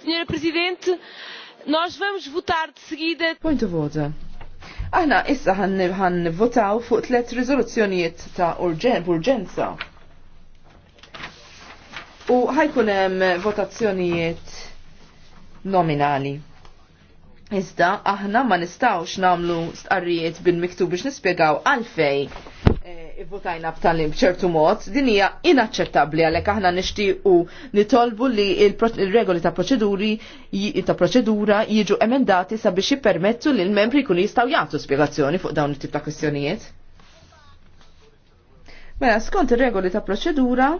Signora Presidente, nós vamos votar de seguida. Point of order. Aħna issa ħan votaw fuq tliet riżoluzzjonijiet ta' urġenza. U ħajkun hemm votazzjonijiet nominali. Iżda aħna ma nistawx nagħmlu stqarrijiet bil-miktub biex nispjegaw għalfej votajna b'tallim bċertu mod, din hija inaċċettabbli għalhekk aħna nixtiequ nitolbu li il-regoli ta' proċeduri ta' proċedura jiġu emendati sabiex jippermettu li l-membri jkunu jistgħu jagħtu spjegazzjoni fuq dawn it-tip ta' kwistjonijiet. Mela, skont ir-regoli ta' proċedura,